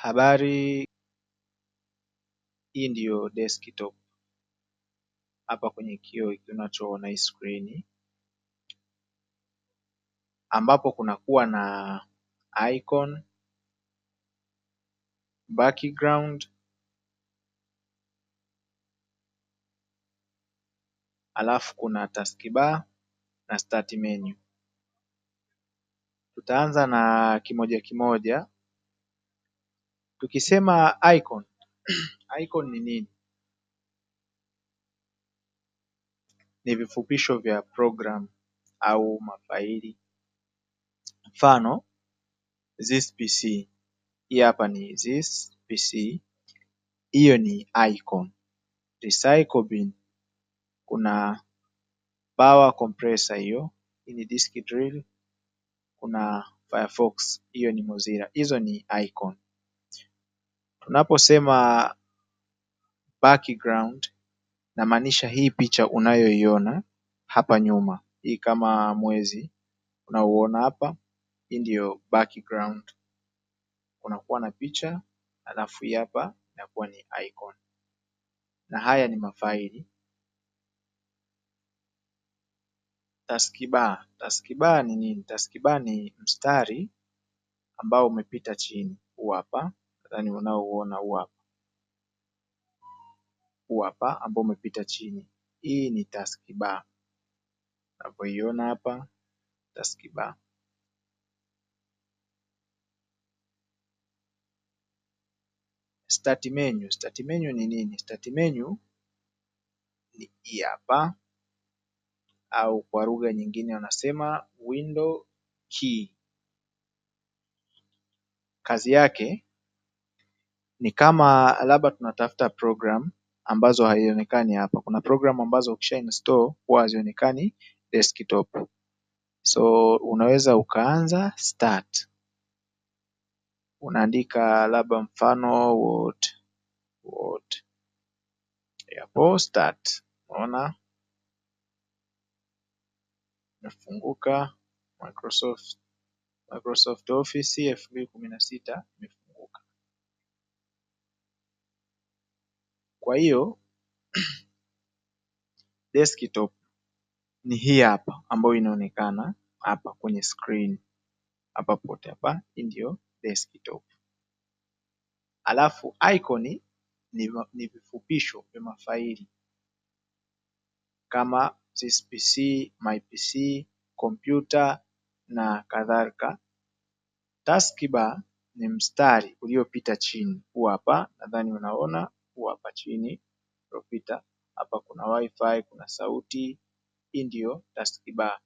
Habari hii ndio desktop hapa kwenye kioo tunachoona screen ambapo kunakuwa na icon, background alafu kuna taskbar na start menu. Tutaanza na kimoja kimoja. Tukisema icon, icon ni nini? Ni vifupisho vya program au mafaili. Mfano, this PC. Hii hapa ni this PC, hiyo ni icon. Recycle bin, kuna power compressor hiyo, hii ni disk drill, kuna Firefox, hiyo ni Mozilla. Hizo ni icon. Unaposema background inamaanisha hii picha unayoiona hapa nyuma, hii kama mwezi unauona hapa, hii ndio background Kunakuwa na picha alafu hii hapa inakuwa ni icon na haya ni mafaili. Taskbar, taskbar ni nini? Taskbar ni mstari ambao umepita chini huu hapa yaani unaouona huu hapa. Huu hapa ambao umepita chini. Hii ni taskbar. Unavyoiona hapa taskbar. Start menu. Start menu ni nini? Start menu ni hii hapa au kwa lugha nyingine wanasema window key. Kazi yake ni kama labda tunatafuta program ambazo haionekani hapa. Kuna program ambazo ukisha install huwa hazionekani desktop, so unaweza ukaanza start, unaandika labda mfano word word, hapo start, unaona imefunguka Microsoft Microsoft Office elfu mbili kumi na sita. Kwa hiyo desktop ni hii hapa ambayo inaonekana hapa kwenye screen hapa pote hapa, hii ndio desktop. Alafu icon ni vifupisho vya mafaili kama this PC, my PC, computer na kadhalika. Taskbar ni mstari uliopita chini huu hapa, nadhani unaona kuwa hapa chini iliyopita. Hapa kuna wifi kuna sauti, hii ndio taskbar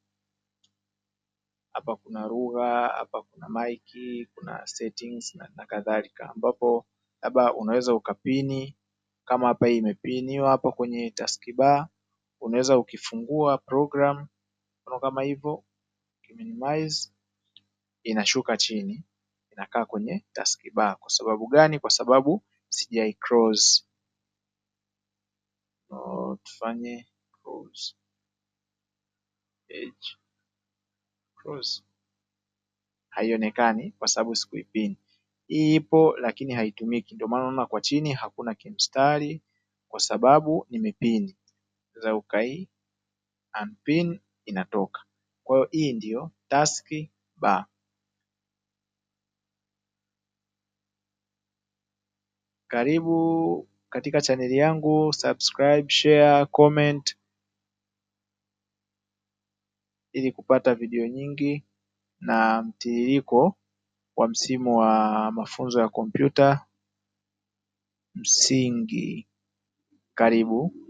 Hapa kuna lugha, hapa kuna maiki, kuna settings na kadhalika ambapo labda unaweza ukapini kama hapa hii imepiniwa hapa kwenye taskbar Unaweza ukifungua program mfano kama hivyo, ukiminimize inashuka chini inakaa kwenye taskbar Kwa sababu gani? Kwa sababu sijaicross tufanye cross edge cross haionekani kwa sababu sikuipin. Hii ipo lakini haitumiki, ndio maana unaona kwa chini hakuna kimstari kwa sababu nimepin. Za ukai unpin inatoka. Kwa hiyo hii ndiyo task bar. Karibu katika chaneli yangu, subscribe, share, comment ili kupata video nyingi na mtiririko wa msimu wa mafunzo ya kompyuta msingi. Karibu.